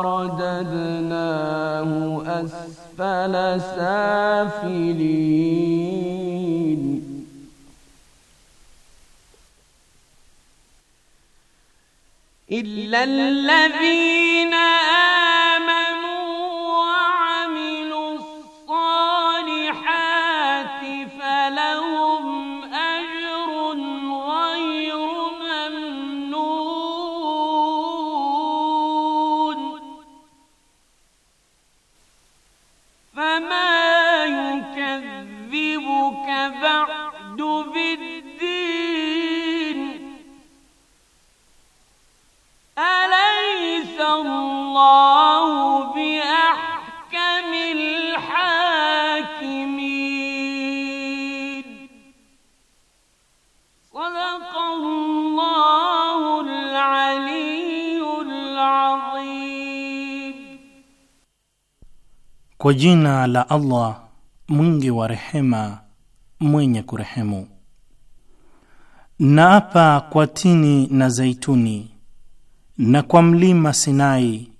رددناه أسفل سافلين إلا الذين آمنوا Kwa jina la Allah mwingi wa rehema mwenye kurehemu. Naapa kwa tini na zaituni na kwa mlima Sinai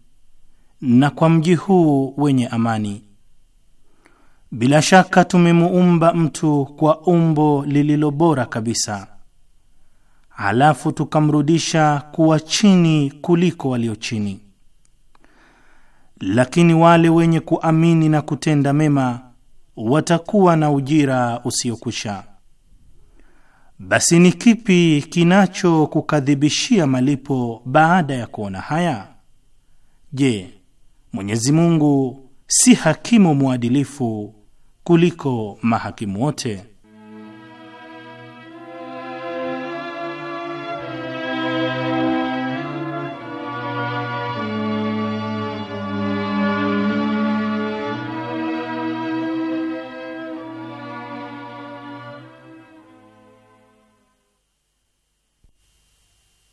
na kwa mji huu wenye amani. Bila shaka tumemuumba mtu kwa umbo lililo bora kabisa, halafu tukamrudisha kuwa chini kuliko walio chini. Lakini wale wenye kuamini na kutenda mema watakuwa na ujira usiokwisha. Basi ni kipi kinachokukadhibishia malipo baada ya kuona haya? Je, Mwenyezi Mungu si hakimu mwadilifu kuliko mahakimu wote.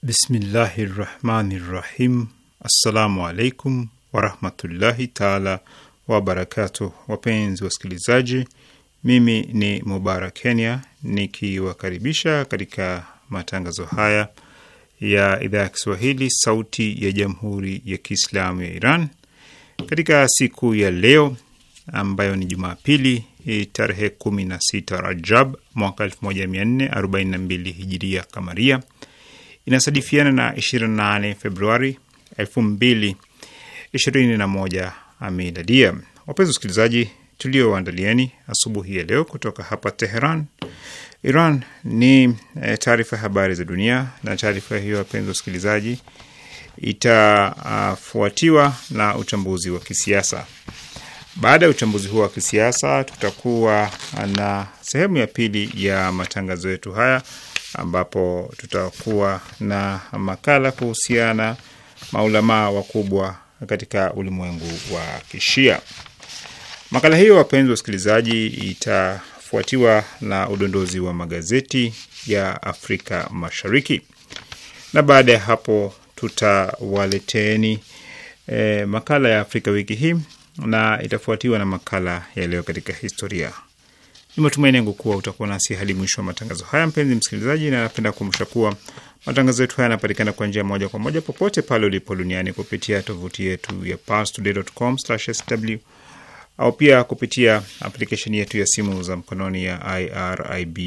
Bismillahi rahmani rahim. Assalamu alaikum warahmatullahi taala wabarakatuh. Wapenzi wasikilizaji, mimi ni Mubarak Kenya nikiwakaribisha katika matangazo haya ya idhaa ya Kiswahili sauti ya jamhuri ya Kiislamu ya Iran katika siku ya leo ambayo ni Jumapili eh, tarehe 16 Rajab mwaka 1442 hijiria kamaria, inasadifiana na 28 Februari 2000 2021 miladia. Wapenzi wasikilizaji, tulioandalieni asubuhi ya leo kutoka hapa Teheran, Iran ni eh, taarifa ya habari za dunia, na taarifa hiyo wapenzi wasikilizaji, itafuatiwa uh, na uchambuzi wa kisiasa. Baada ya uchambuzi huo wa kisiasa, tutakuwa na sehemu ya pili ya matangazo yetu haya ambapo tutakuwa na makala kuhusiana maulamaa wakubwa katika ulimwengu wa Kishia. Makala hiyo, wapenzi wa usikilizaji, itafuatiwa na udondozi wa magazeti ya Afrika Mashariki, na baada ya hapo tutawaleteni e, makala ya Afrika wiki hii na itafuatiwa na makala ya leo katika historia. Ni matumaini yangu kuwa utakuwa nasi hadi mwisho wa matangazo haya, mpenzi msikilizaji, na napenda kukumbusha kuwa Matangazo yetu haya yanapatikana kwa njia moja kwa moja popote pale ulipo duniani kupitia tovuti yetu ya parstoday.com/sw au pia kupitia aplikesheni yetu ya simu za mkononi ya IRIB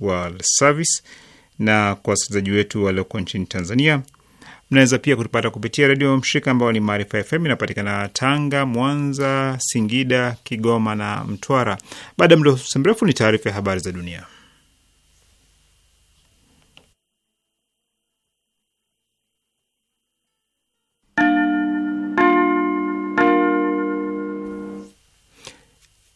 World Service, na kwa wasikilizaji wetu walioko nchini Tanzania mnaweza pia kutupata kupitia redio mshirika ambao ni Maarifa FM, inapatikana Tanga, Mwanza, Singida, Kigoma na Mtwara. Baada ya muda mrefu ni taarifa ya habari za dunia.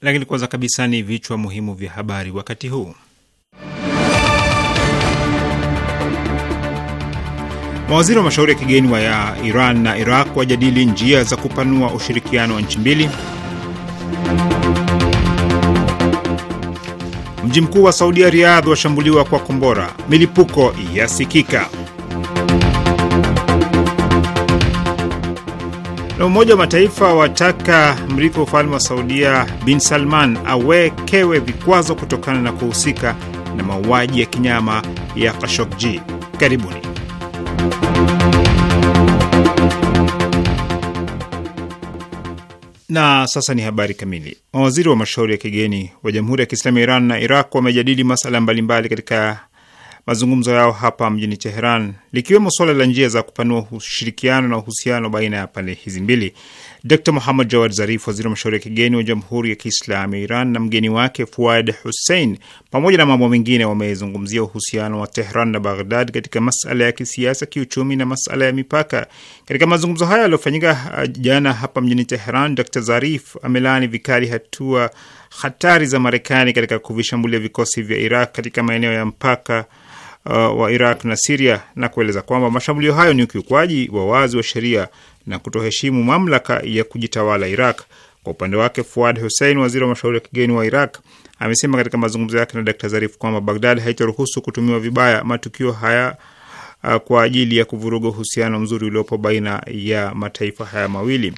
Lakini kwanza kabisa ni vichwa muhimu vya habari wakati huu. Mawaziri wa mashauri ya kigeni wa ya Iran na Iraq wajadili njia za kupanua ushirikiano wa nchi mbili. Mji mkuu wa Saudia Riyadh washambuliwa kwa kombora, milipuko yasikika. Na Umoja wa Mataifa wataka mrithi wa ufalme wa Saudia bin Salman awekewe vikwazo kutokana na kuhusika na mauaji ya kinyama ya Khashoggi. Karibuni. Na sasa ni habari kamili. Mawaziri wa mashauri ya kigeni wa Jamhuri ya Kiislamu ya Iran na Iraq wamejadili masala mbalimbali katika mazungumzo yao hapa mjini Teheran, likiwemo suala la njia za kupanua ushirikiano na uhusiano baina ya pande hizi mbili. Dr Muhammad Jawad Zarif, waziri wa mashauri ya kigeni wa Jamhuri ya Kiislamu ya Iran, na mgeni wake Fuad Hussein, pamoja na mambo mengine, wamezungumzia uhusiano wa Tehran na Baghdad katika masala ya kisiasa, kiuchumi na masala ya mipaka. Katika mazungumzo hayo yaliyofanyika uh, jana hapa mjini Teheran, Dr Zarif amelaani vikali hatua hatari za Marekani katika kuvishambulia vikosi vya Iraq katika maeneo ya mpaka Uh, wa Iraq na Siria na kueleza kwamba mashambulio hayo ni ukiukwaji wa wazi wa sheria na kutoheshimu mamlaka ya kujitawala Iraq. Kwa upande wake, Fuad Hussein, waziri wa mashauri ya kigeni wa Iraq, amesema katika mazungumzo yake na Dr. Zarif kwamba Bagdad haitaruhusu kutumiwa vibaya matukio haya uh, kwa ajili ya kuvuruga uhusiano mzuri uliopo baina ya mataifa haya mawili.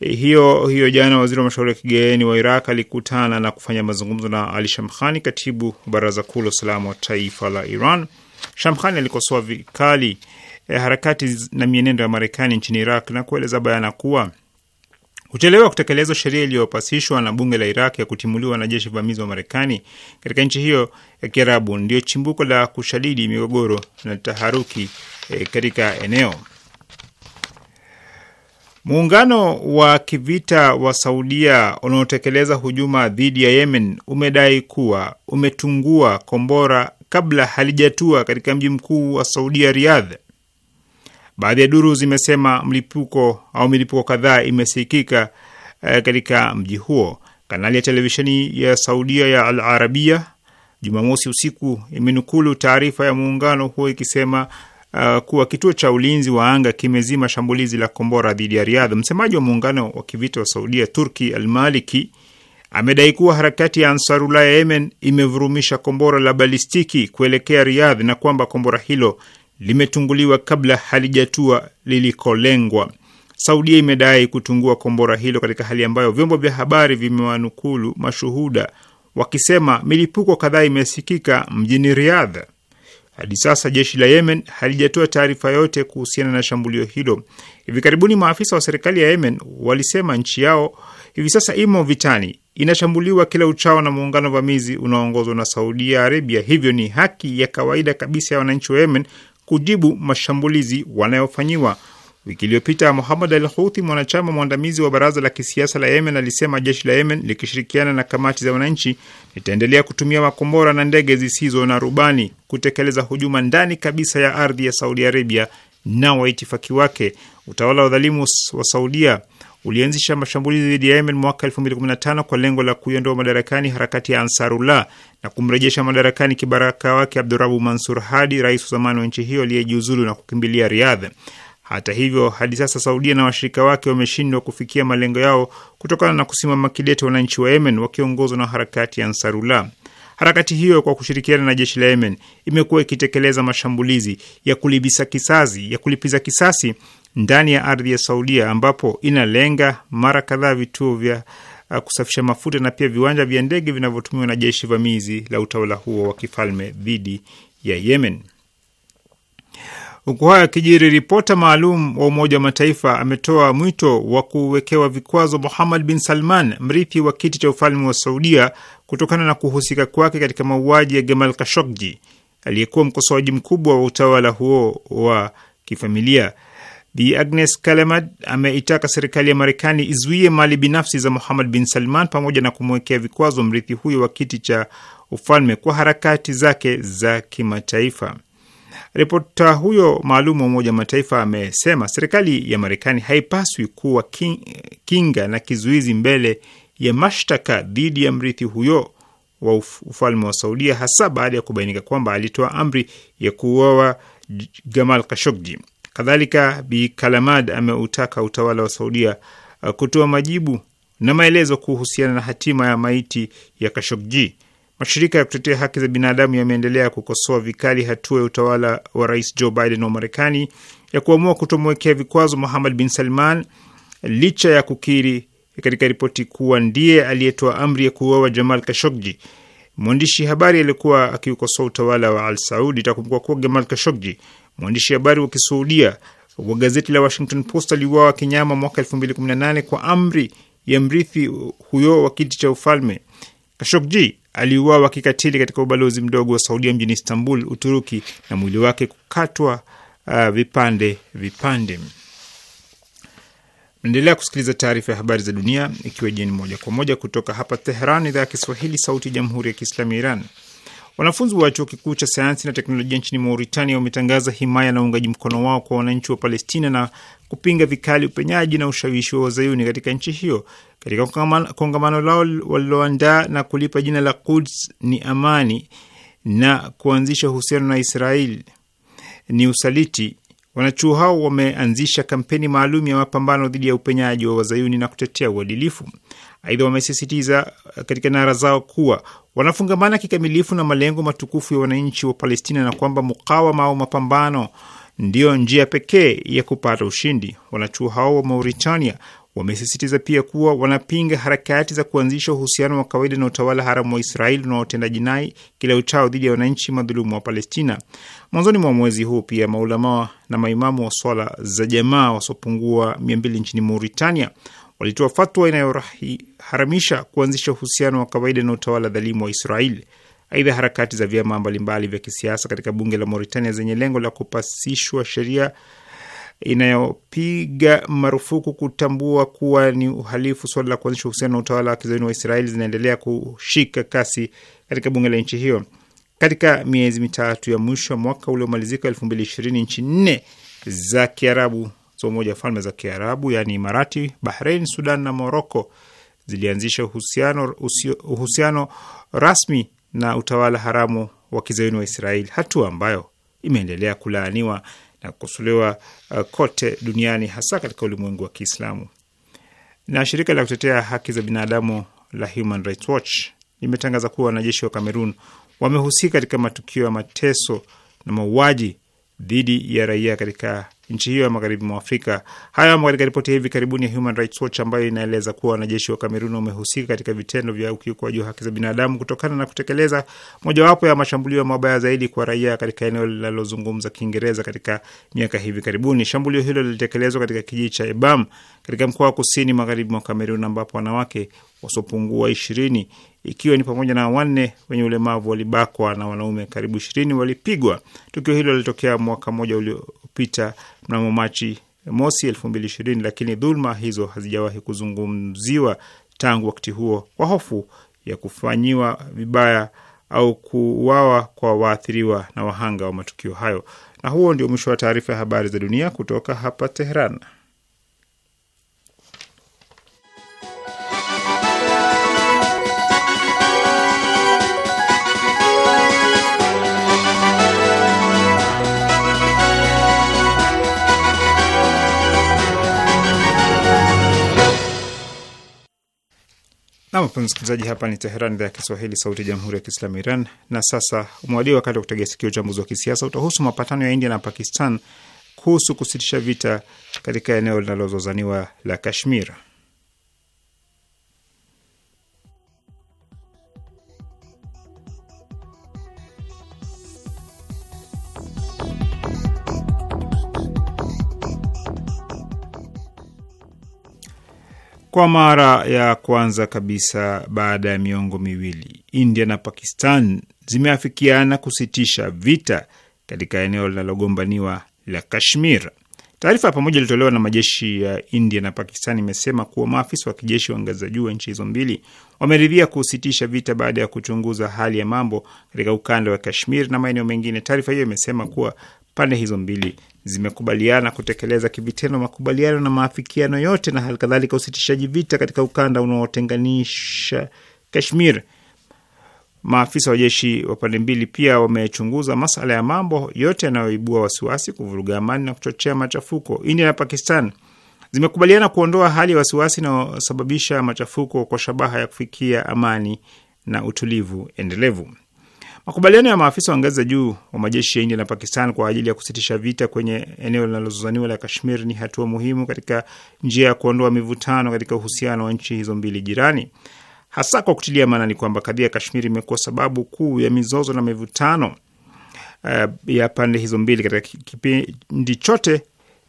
Eh, hiyo hiyo jana waziri wa mashauri ya kigeni wa Iraq alikutana na kufanya mazungumzo na Ali Shamkhani, katibu wa baraza kuu la usalama wa taifa la Iran. Shamkhani alikosoa vikali eh, harakati na mienendo ya Marekani nchini Iraq na kueleza bayana kuwa kuchelewa kutekelezwa sheria iliyopasishwa na bunge la Iraq ya kutimuliwa wanajeshi vamizi wa Marekani katika nchi hiyo ya Kiarabu ndio chimbuko la kushadidi migogoro na taharuki eh, katika eneo Muungano wa kivita wa Saudia unaotekeleza hujuma dhidi ya Yemen umedai kuwa umetungua kombora kabla halijatua katika mji mkuu wa Saudia, Riyadh. Baadhi ya duru zimesema mlipuko au milipuko kadhaa imesikika eh, katika mji huo. Kanali ya televisheni ya Saudia ya Al Arabia Jumamosi usiku imenukulu taarifa ya muungano huo ikisema uh, kuwa kituo cha ulinzi wa anga kimezima shambulizi la kombora dhidi ya Riyadh. Msemaji wa muungano wa kivita wa Saudia Turki Almaliki amedai kuwa harakati ya Ansarullah ya Yemen imevurumisha kombora la balistiki kuelekea Riyadh na kwamba kombora hilo limetunguliwa kabla halijatua lilikolengwa. Saudia imedai kutungua kombora hilo katika hali ambayo vyombo vya habari vimewanukulu mashuhuda wakisema milipuko kadhaa imesikika mjini Riyadh. Hadi sasa jeshi la Yemen halijatoa taarifa yote kuhusiana na shambulio hilo. Hivi karibuni maafisa wa serikali ya Yemen walisema nchi yao hivi sasa imo vitani, inashambuliwa kila uchao na muungano vamizi unaoongozwa na Saudia Arabia. Hivyo ni haki ya kawaida kabisa ya wananchi wa Yemen kujibu mashambulizi wanayofanyiwa. Wiki iliyopita Muhamad al Houthi, mwanachama mwandamizi wa baraza la kisiasa la Yemen, alisema jeshi la Yemen likishirikiana na kamati za wananchi litaendelea kutumia makombora na ndege zisizo na rubani kutekeleza hujuma ndani kabisa ya ardhi ya Saudi Arabia na waitifaki wake. Utawala wa udhalimu wa Saudia ulianzisha mashambulizi dhidi ya Yemen mwaka 2015 kwa lengo la kuiondoa madarakani harakati ya Ansarullah na kumrejesha madarakani kibaraka wake Abdurabu Mansur Hadi, rais wa zamani wa nchi hiyo aliyejiuzulu na kukimbilia riadha hata hivyo, hadi sasa Saudia na washirika wake wameshindwa kufikia malengo yao kutokana na kusimama kidete wananchi wa Yemen wakiongozwa na harakati ya Ansarullah. Harakati hiyo kwa kushirikiana na jeshi la Yemen imekuwa ikitekeleza mashambulizi ya kulibisa kisasi, ya kulipiza kisasi ndani ya ardhi ya Saudia ambapo inalenga mara kadhaa vituo vya uh, kusafisha mafuta na pia viwanja vya ndege vinavyotumiwa na jeshi vamizi la utawala huo wa kifalme dhidi ya Yemen. Huku hayo akijiri ripota maalum wa Umoja wa Mataifa ametoa mwito wa kuwekewa vikwazo Muhammad bin Salman, mrithi wa kiti cha ufalme wa Saudia, kutokana na kuhusika kwake katika mauaji ya gemal Kashogji, aliyekuwa mkosoaji mkubwa wa utawala huo wa kifamilia. Bi Agnes kalemad ameitaka serikali ya Marekani izuie mali binafsi za Muhammad bin Salman pamoja na kumwekea vikwazo mrithi huyo wa kiti cha ufalme kwa harakati zake za kimataifa. Ripota huyo maalum wa Umoja wa Mataifa amesema serikali ya Marekani haipaswi kuwa kinga na kizuizi mbele ya mashtaka dhidi ya mrithi huyo wa ufalme wa Saudia, hasa baada ya kubainika kwamba alitoa amri ya kuuawa Gamal Kashogji. Kadhalika, Bi Kalamad ameutaka utawala wa Saudia uh, kutoa majibu na maelezo kuhusiana na hatima ya maiti ya Kashogji. Mashirika ya kutetea haki za binadamu yameendelea kukosoa vikali hatua ya utawala wa rais Joe Biden wa Marekani ya kuamua kutomwekea vikwazo Muhammad bin Salman licha ya kukiri katika ripoti kuwa ndiye aliyetoa amri ya kuuawa Jamal kashogji Mwandishi habari aliyekuwa akiukosoa utawala wa Al Saudi, itakumbuka kuwa Jamal Khashoggi, mwandishi habari wa Kisuudia wa gazeti la Washington Post, aliuawa kinyama mwaka 2018 kwa amri ya mrithi huyo wa kiti cha ufalme. Khashoggi aliuawa kikatili katika ubalozi mdogo wa Saudia mjini Istanbul, Uturuki, na mwili wake kukatwa uh, vipande vipande. Mnaendelea kusikiliza taarifa ya habari za dunia ikiwa jeni moja kwa moja kutoka hapa Teheran, idhaa ya Kiswahili, sauti ya jamhuri ya kiislamu ya Iran. Wanafunzi wa chuo kikuu cha sayansi na teknolojia nchini Mauritania wametangaza himaya na uungaji mkono wao kwa wananchi wa Palestina na kupinga vikali upenyaji na ushawishi wa wazayuni katika nchi hiyo. Katika kongamano lao waliloandaa na kulipa jina la Quds ni amani na kuanzisha uhusiano na israel ni usaliti, wanachuo hao wameanzisha kampeni maalum ya mapambano dhidi ya upenyaji wa wazayuni na kutetea uadilifu. Aidha, wamesisitiza uh, katika nara zao kuwa wanafungamana kikamilifu na malengo matukufu ya wananchi wa Palestina na kwamba mukawama au mapambano ndiyo njia pekee ya kupata ushindi. Wanachuo hao wa Mauritania wamesisitiza pia kuwa wanapinga harakati za kuanzisha uhusiano wa kawaida na utawala haramu wa Israeli unaotenda jinai kila uchao dhidi ya wananchi madhulumu wa Palestina. Mwanzoni mwa mwezi huu pia maulamaa na maimamu wa swala za jamaa wasiopungua mia mbili nchini Mauritania walitoa fatwa inayorahi kuharamisha kuanzisha uhusiano wa kawaida na utawala dhalimu wa Israeli. Aidha, harakati za vyama mbalimbali vya kisiasa katika bunge la Mauritania zenye lengo la kupasishwa sheria inayopiga marufuku kutambua kuwa ni uhalifu suala la kuanzisha uhusiano na utawala wa kizayuni wa Israeli zinaendelea kushika kasi katika bunge la nchi hiyo. Katika miezi mitatu ya mwisho wa mwaka uliomalizika elfu mbili ishirini, nchi nne za Kiarabu za Umoja wa Falme za Kiarabu yaani Imarati, Bahrein, Sudan na Moroko zilianzisha uhusiano, uhusiano rasmi na utawala haramu wa kizayuni wa Israeli, hatua ambayo imeendelea kulaaniwa na kukosolewa uh, kote duniani hasa katika ulimwengu wa Kiislamu. Na shirika la kutetea haki za binadamu la Human Rights Watch limetangaza kuwa wanajeshi wa Kamerun wamehusika katika matukio ya mateso na mauaji dhidi ya raia katika nchi hiyo ya magharibi mwa Afrika. Hayo amo katika ripoti ya hivi karibuni ya Human Rights Watch ambayo inaeleza kuwa wanajeshi wa Kamerun wamehusika katika vitendo vya ukiukwaji wa haki za binadamu kutokana na kutekeleza mojawapo ya mashambulio mabaya zaidi kwa raia katika eneo linalozungumza Kiingereza katika miaka hivi karibuni. Shambulio hilo lilitekelezwa katika kijiji cha Ebam katika mkoa wa kusini magharibi mwa Kamerun ambapo wanawake wasiopungua ishirini ikiwa ni pamoja na wanne wenye ulemavu walibakwa na wanaume karibu ishirini walipigwa. Tukio hilo lilitokea mwaka mmoja uliopita mnamo Machi mosi elfu mbili ishirini, lakini dhuluma hizo hazijawahi kuzungumziwa tangu wakati huo kwa hofu ya kufanyiwa vibaya au kuuawa kwa waathiriwa na wahanga wa matukio hayo. Na huo ndio mwisho wa taarifa ya habari za dunia kutoka hapa teheran Na msikilizaji, hapa ni Teheran, idhaa ya Kiswahili, sauti ya jamhuri ya kiislamu Iran. Na sasa umewadia wakati wa kutegea sikio. Uchambuzi wa kisiasa utahusu mapatano ya India na Pakistan kuhusu kusitisha vita katika eneo linalozozaniwa la Kashmir. Kwa mara ya kwanza kabisa baada ya miongo miwili, India na Pakistan zimeafikiana kusitisha vita katika eneo linalogombaniwa la Kashmir. Taarifa ya pamoja ilitolewa na majeshi ya India na Pakistan imesema kuwa maafisa wa kijeshi wa ngazi za juu wa nchi hizo mbili wameridhia kusitisha vita baada ya kuchunguza hali ya mambo katika ukanda wa Kashmir na maeneo mengine. Taarifa hiyo imesema kuwa pande hizo mbili zimekubaliana kutekeleza kivitendo makubaliano na maafikiano yote na hali kadhalika usitishaji vita katika ukanda unaotenganisha Kashmir. Maafisa wa jeshi wa pande mbili pia wamechunguza masala ya mambo yote yanayoibua wasiwasi, kuvuruga amani na kuchochea machafuko. India na Pakistan zimekubaliana kuondoa hali ya wasiwasi inayosababisha machafuko kwa shabaha ya kufikia amani na utulivu endelevu. Makubaliano ya maafisa wa ngazi za juu wa majeshi ya India na Pakistan kwa ajili ya kusitisha vita kwenye eneo linalozozaniwa la Kashmir ni hatua muhimu katika njia ya kuondoa mivutano katika uhusiano wa nchi hizo mbili jirani, hasa kwa kutilia maanani kwamba kadhia ya Kashmir imekuwa sababu kuu ya mizozo na mivutano uh, ya pande hizo mbili katika kipindi chote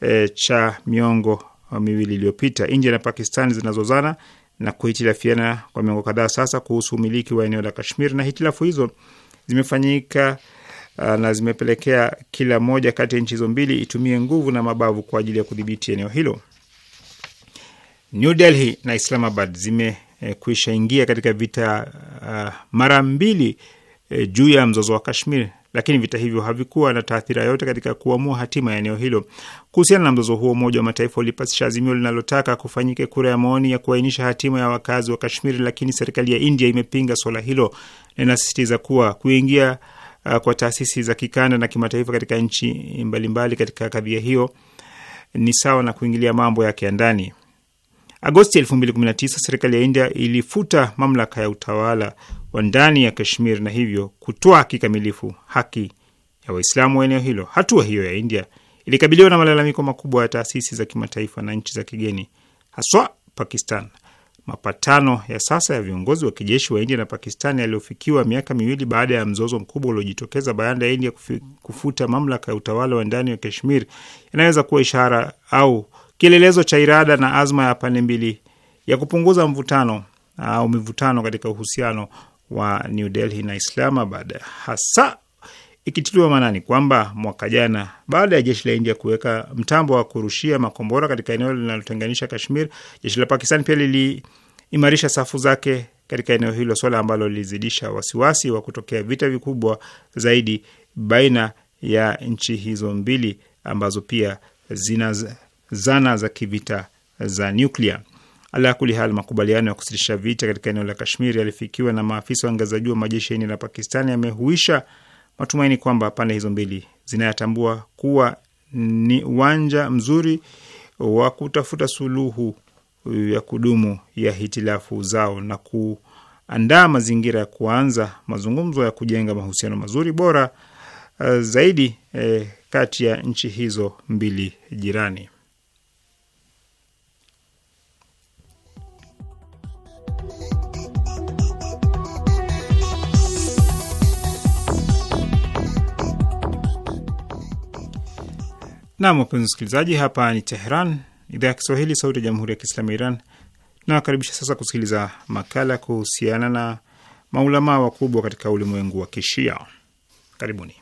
uh, cha miongo eh, miwili iliyopita. India na Pakistan zinazozana na kuhitilafiana kwa miongo kadhaa sasa kuhusu umiliki wa eneo la Kashmir na hitilafu hizo zimefanyika uh, na zimepelekea kila moja kati ya nchi hizo mbili itumie nguvu na mabavu kwa ajili ya kudhibiti eneo hilo. New Delhi na Islamabad zimekwisha ingia katika vita uh, mara mbili uh, juu ya mzozo wa Kashmir lakini vita hivyo havikuwa na taathira yoyote katika kuamua hatima ya eneo hilo. Kuhusiana na mzozo huo, Umoja wa Mataifa ulipasisha azimio linalotaka kufanyike kura ya maoni ya kuainisha hatima ya wakazi wa Kashmiri, lakini serikali ya India imepinga swala hilo na inasisitiza kuwa kuingia uh, kwa taasisi za kikanda na kimataifa katika nchi mbalimbali katika kadhia hiyo ni sawa na kuingilia mambo yake ya ndani. Agosti 2019 serikali ya India ilifuta mamlaka ya utawala wa ndani ya Kashmir na hivyo kutoa kikamilifu haki ya Waislamu wa eneo hilo. Hatua hiyo ya India ilikabiliwa na malalamiko makubwa ya taasisi za kimataifa na nchi za kigeni, haswa Pakistan. Mapatano ya sasa ya viongozi wa kijeshi wa India na Pakistan yaliyofikiwa miaka miwili baada ya mzozo mkubwa uliojitokeza baada ya India kufuta mamlaka ya utawala wa ndani wa Kashmir yanaweza kuwa ishara au kielelezo cha irada na azma ya pande mbili ya kupunguza mvutano au mivutano katika uhusiano wa New Delhi na Islamabad, hasa ikitiliwa maanani kwamba mwaka jana baada ya jeshi la India kuweka mtambo wa kurushia makombora katika eneo linalotenganisha Kashmir, jeshi la Pakistan pia liliimarisha safu zake katika eneo hilo, swala ambalo lilizidisha wasiwasi wa kutokea vita vikubwa zaidi baina ya nchi hizo mbili ambazo pia zina zana za kivita za nyuklia. Ala kuli hal, makubaliano ya kusitisha vita katika eneo la Kashmir yalifikiwa na maafisa wa ngazi za juu wa majeshi ya India na yamehuisha matumaini kwamba pande hizo mbili zinayatambua kuwa ni uwanja mzuri wa kutafuta suluhu ya kudumu ya hitilafu zao na kuandaa mazingira ya kuanza mazungumzo ya kujenga mahusiano mazuri bora eh, zaidi eh, kati ya nchi hizo mbili jirani. Nam, wapenzi msikilizaji, hapa ni Tehran, idhaa ya Kiswahili, sauti ya jamhuri ya kiislamu ya Iran. Nawakaribisha sasa kusikiliza makala kuhusiana na maulamaa wakubwa katika ulimwengu wa Kishia. Karibuni.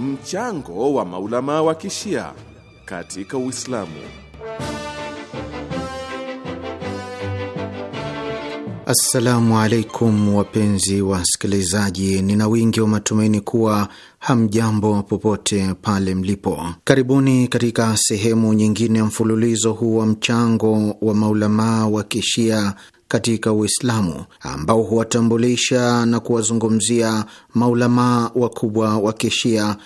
Mchango wa maulamaa wa Kishia katika Uislamu. Assalamu alaikum wapenzi wasikilizaji, nina wingi wa matumaini kuwa hamjambo popote pale mlipo. Karibuni katika sehemu nyingine ya mfululizo huu wa mchango wa maulamaa wa kishia katika Uislamu ambao huwatambulisha na kuwazungumzia maulamaa wakubwa wa kishia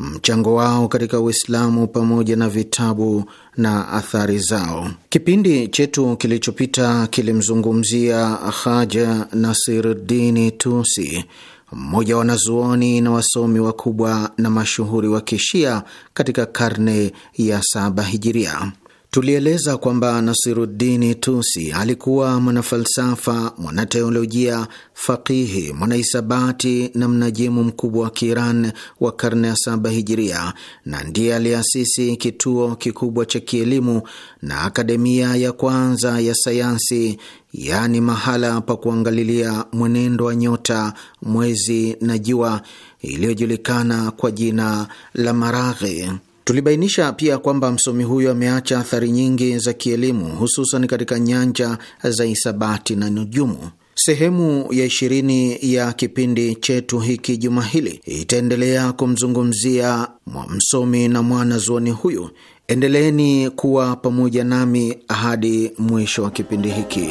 mchango wao katika Uislamu pamoja na vitabu na athari zao. Kipindi chetu kilichopita kilimzungumzia Haja Nasiruddini Tusi, mmoja wa wanazuoni na wasomi wakubwa na mashuhuri wa Kishia katika karne ya saba Hijiria. Tulieleza kwamba Nasiruddini Tusi alikuwa mwanafalsafa, mwanateolojia, faqihi, mwanahisabati na mnajimu mkubwa wa Kiiran wa karne ya saba hijiria, na ndiye aliasisi kituo kikubwa cha kielimu na akademia ya kwanza ya sayansi, yaani mahala pa kuangalilia mwenendo wa nyota, mwezi na jua, iliyojulikana kwa jina la Maraghi. Tulibainisha pia kwamba msomi huyo ameacha athari nyingi za kielimu hususan katika nyanja za hisabati na nujumu. Sehemu ya ishirini ya kipindi chetu hiki juma hili itaendelea kumzungumzia msomi na mwana zuoni huyu. Endeleeni kuwa pamoja nami hadi mwisho wa kipindi hiki.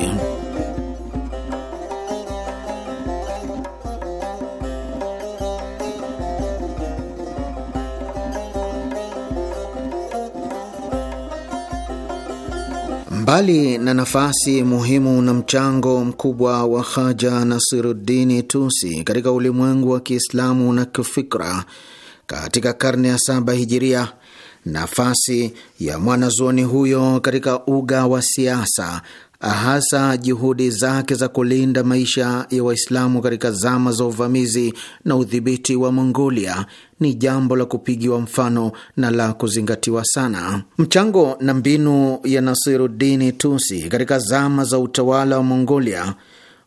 Mbali na nafasi muhimu na mchango mkubwa wa Haja nasirudini Tusi katika ulimwengu wa Kiislamu na kifikra katika karne ya saba hijiria, nafasi ya mwanazuoni huyo katika uga wa siasa hasa juhudi zake za kulinda maisha ya Waislamu katika zama za uvamizi na udhibiti wa Mongolia ni jambo la kupigiwa mfano na la kuzingatiwa sana. Mchango na mbinu ya nasirudini Tusi katika zama za utawala wa Mongolia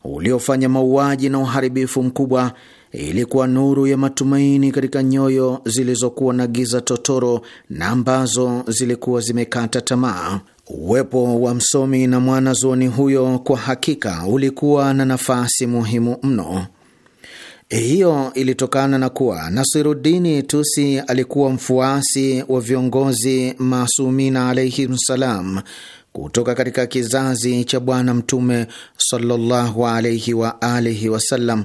uliofanya mauaji na uharibifu mkubwa ilikuwa nuru ya matumaini katika nyoyo zilizokuwa na giza totoro na ambazo zilikuwa zimekata tamaa. Uwepo wa msomi na mwanazuoni huyo kwa hakika ulikuwa na nafasi muhimu mno. Eh, hiyo ilitokana na kuwa Nasirudini Tusi alikuwa mfuasi wa viongozi Masumina alaihim salam kutoka katika kizazi cha Bwana Mtume sallallahu alaihi wa alihi wasallam,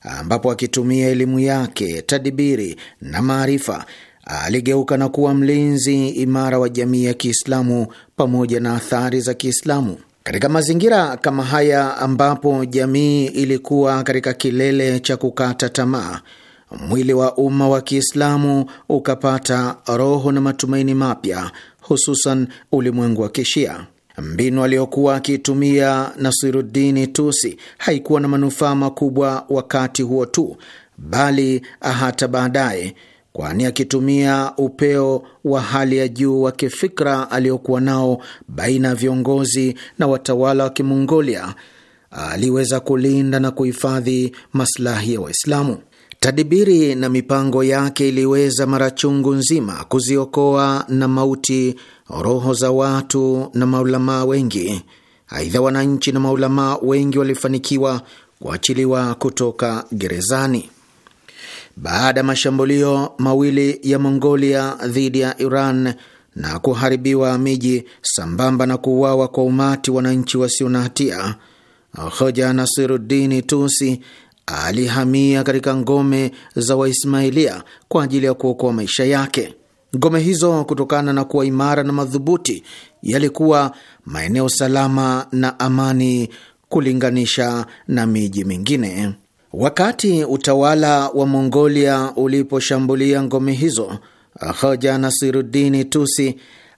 ambapo akitumia elimu yake, tadibiri na maarifa aligeuka na kuwa mlinzi imara wa jamii ya Kiislamu pamoja na athari za Kiislamu. Katika mazingira kama haya ambapo jamii ilikuwa katika kilele cha kukata tamaa, mwili wa umma wa Kiislamu ukapata roho na matumaini mapya, hususan ulimwengu wa Kishia. Mbinu aliyokuwa akiitumia nasirudini Tusi haikuwa na manufaa makubwa wakati huo tu, bali hata baadaye kwani akitumia upeo wa hali ya juu wa kifikra aliyokuwa nao baina ya viongozi na watawala wa Kimongolia aliweza kulinda na kuhifadhi maslahi ya Waislamu. Tadibiri na mipango yake iliweza mara chungu nzima kuziokoa na mauti roho za watu na maulamaa wengi. Aidha, wananchi na maulamaa wengi walifanikiwa kuachiliwa kutoka gerezani baada ya mashambulio mawili ya Mongolia dhidi ya Iran na kuharibiwa miji sambamba na kuuawa kwa umati wananchi wasio na hatia, hoja nasirudini Tusi alihamia katika ngome za Waismailia kwa ajili ya kuokoa maisha yake. Ngome hizo, kutokana na kuwa imara na madhubuti, yalikuwa maeneo salama na amani kulinganisha na miji mingine. Wakati utawala wa Mongolia uliposhambulia ngome hizo, Hoja Nasiruddini Tusi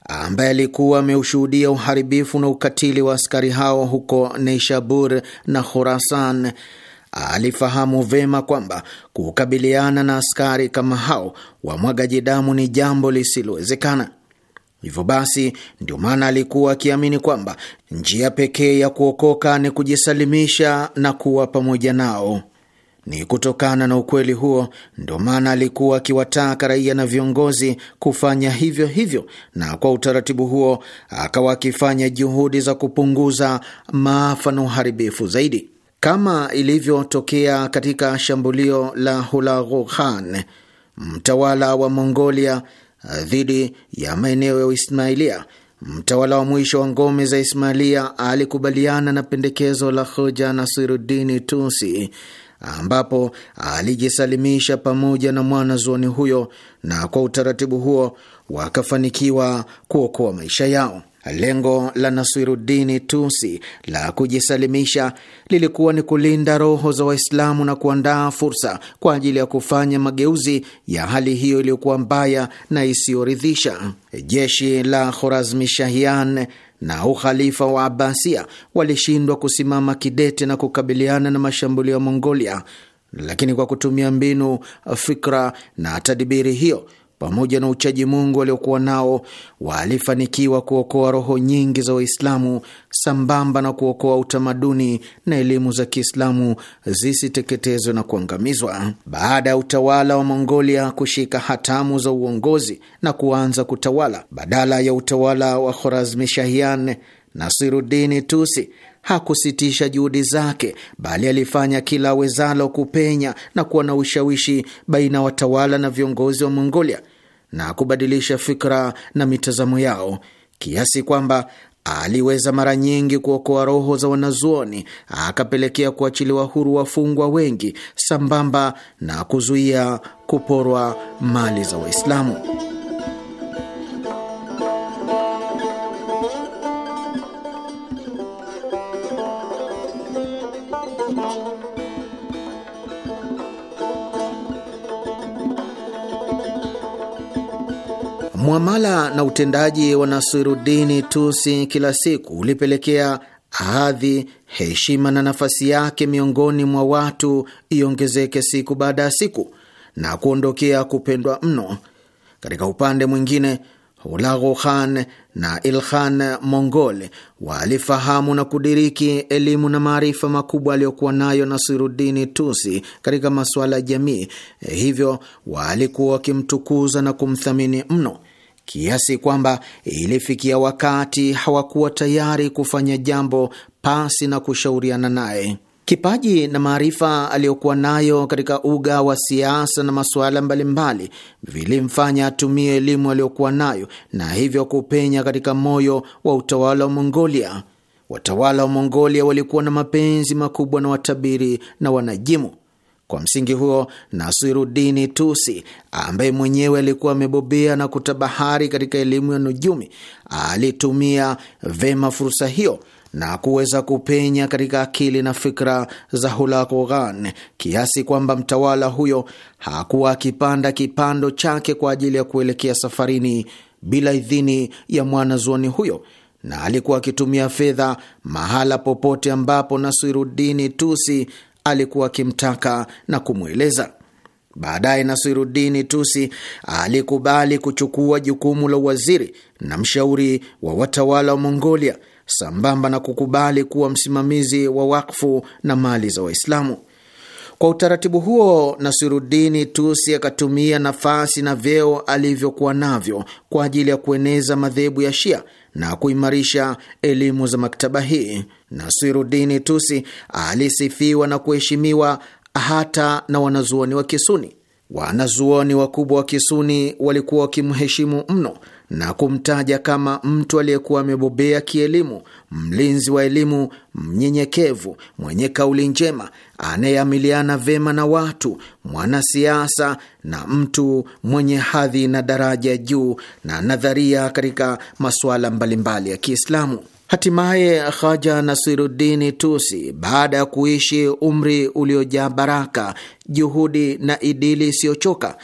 ambaye alikuwa ameushuhudia uharibifu na ukatili wa askari hao huko Neishabur na Khurasan alifahamu vema kwamba kukabiliana na askari kama hao wamwagaji damu ni jambo lisilowezekana. Hivyo basi, ndio maana alikuwa akiamini kwamba njia pekee ya kuokoka ni kujisalimisha na kuwa pamoja nao. Ni kutokana na ukweli huo ndio maana alikuwa akiwataka raia na viongozi kufanya hivyo hivyo, na kwa utaratibu huo akawa akifanya juhudi za kupunguza maafa na uharibifu zaidi, kama ilivyotokea katika shambulio la Hulagu Khan, mtawala wa Mongolia, eh, dhidi ya maeneo ya Ismailia. Mtawala wa mwisho wa ngome za Ismailia alikubaliana na pendekezo la hoja Nasiruddini Tusi ambapo alijisalimisha pamoja na mwanazuoni huyo, na kwa utaratibu huo wakafanikiwa kuokoa maisha yao. Lengo la Nasirudini Tusi la kujisalimisha lilikuwa ni kulinda roho za Waislamu na kuandaa fursa kwa ajili ya kufanya mageuzi ya hali hiyo iliyokuwa mbaya na isiyoridhisha. Jeshi la Khorazmishahian na ukhalifa wa Abasia walishindwa kusimama kidete na kukabiliana na mashambulio ya Mongolia, lakini kwa kutumia mbinu, fikra na tadibiri hiyo pamoja na uchaji Mungu waliokuwa nao walifanikiwa kuokoa roho nyingi za Waislamu sambamba na kuokoa utamaduni na elimu za Kiislamu zisiteketezwe na kuangamizwa. Baada ya utawala wa Mongolia kushika hatamu za uongozi na kuanza kutawala badala ya utawala wa Khorazmishahian, Nasirudini Tusi hakusitisha juhudi zake, bali alifanya kila awezalo kupenya na kuwa na ushawishi baina ya watawala na viongozi wa Mongolia na kubadilisha fikra na mitazamo yao kiasi kwamba aliweza mara nyingi kuokoa roho za wanazuoni, akapelekea kuachiliwa huru wafungwa wengi, sambamba na kuzuia kuporwa mali za Waislamu. Mwamala na utendaji wa Nasirudini Tusi kila siku ulipelekea hadhi, heshima na nafasi yake miongoni mwa watu iongezeke siku baada ya siku na kuondokea kupendwa mno. Katika upande mwingine Hulagu Khan na Ilkhan Mongol walifahamu na kudiriki elimu na maarifa makubwa aliyokuwa nayo Nasirudini Tusi katika masuala ya jamii, hivyo walikuwa wakimtukuza na kumthamini mno kiasi kwamba ilifikia wakati hawakuwa tayari kufanya jambo pasi na kushauriana naye. Kipaji na maarifa aliyokuwa nayo katika uga wa siasa na masuala mbalimbali vilimfanya atumie elimu aliyokuwa nayo na hivyo kupenya katika moyo wa utawala wa Mongolia. Watawala wa Mongolia walikuwa na mapenzi makubwa na watabiri na wanajimu. Kwa msingi huo, Nasirudini Tusi ambaye mwenyewe alikuwa amebobea na kutabahari katika elimu ya nujumi alitumia vema fursa hiyo na kuweza kupenya katika akili na fikra za Hulagu Khan kiasi kwamba mtawala huyo hakuwa akipanda kipando chake kwa ajili ya kuelekea safarini bila idhini ya mwanazuoni huyo na alikuwa akitumia fedha mahala popote ambapo Nasirudini Tusi alikuwa akimtaka na kumweleza. Baadaye Nasirudini Tusi alikubali kuchukua jukumu la uwaziri na mshauri wa watawala wa Mongolia sambamba na kukubali kuwa msimamizi wa wakfu na mali za Waislamu. Kwa utaratibu huo, Nasirudini Tusi akatumia nafasi na vyeo alivyokuwa navyo kwa ajili ya kueneza madhehebu ya Shia na kuimarisha elimu za maktaba hii. Nasirudini Tusi alisifiwa na kuheshimiwa hata na wanazuoni wa Kisuni. Wanazuoni wakubwa wa Kisuni walikuwa wakimheshimu mno na kumtaja kama mtu aliyekuwa amebobea kielimu, mlinzi wa elimu, mnyenyekevu, mwenye kauli njema, anayeamiliana vema na watu, mwanasiasa na mtu mwenye hadhi na daraja juu na nadharia katika masuala mbalimbali ya Kiislamu. Hatimaye Haja nasirudini Tusi, baada ya kuishi umri uliojaa baraka, juhudi na idili isiyochoka